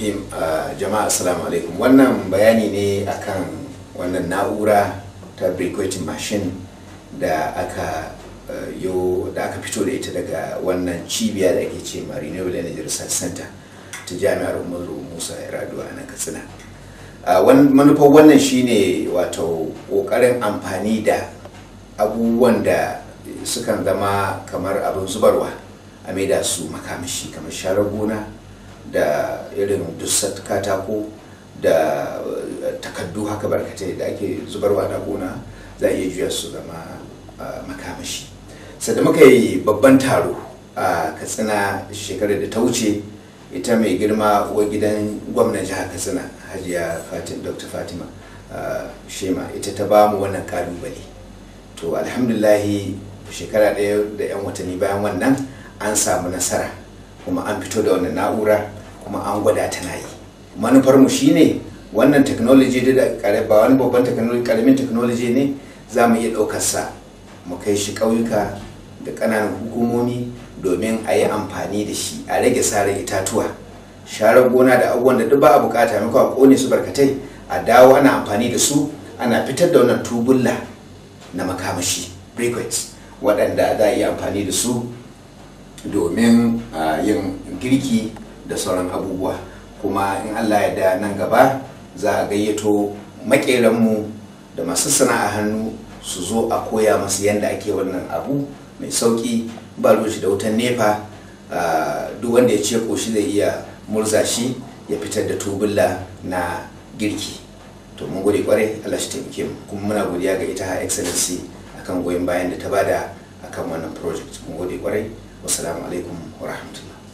rahim jama'a assalamu alaikum wannan bayani ne akan wannan na'ura ta breakwaiting machine da aka yo da aka fito da ita daga wannan cibiya da ake ce ma renewable energy research center ta jami'ar umaru musa raduwa a nan katsina manufar wannan shine wato kokarin amfani da abubuwan da sukan zama kamar abin zubarwa a maida su makamashi kamar sharar gona da irin dusat katako da eh, takaddu haka barkatai da ake zubarwa da gona za a iya juya su zama eh, makamashi da muka yi babban taro a katsina shekarar da ta wuce ita mai girma wa gidan gwamnan jihar katsina hajiya fatim dr fatima eh, shema ita ta bamu wannan kalubale to alhamdulahi shekara ɗaya da 'yan watanni bayan wannan an samu nasara kuma an fito da wannan na'ura kuma an gwada tana yi mu shine wannan technology da ba wani babban technology karamin technology ne za mu iya ɗaukar sa mu kai shi ƙauyuka da ƙananan hukumomi domin a yi amfani da shi a rage sare itatuwa sharar gona da abubuwan da duk ba a bukata muku a kone su barkatai a dawo ana amfani da su ana fitar da wannan tubulla na makamashi briquettes waɗanda za a iya amfani da su domin yin girki da sauran abubuwa kuma in allah ya da nan gaba za a gayyato makeranmu da masu sana'a hannu su zo a koya masu yadda ake wannan abu mai sauki ba shi da wutan nefa duk wanda ya ce koshi zai iya murza shi ya fitar da tubulla na girki to mun gode kwarai allah shi taimake mu kuma muna godiya ga ita excellency akan goyon bayan da ta bada akan wannan project mun gode kwarai والسلام عليكم ورحمة الله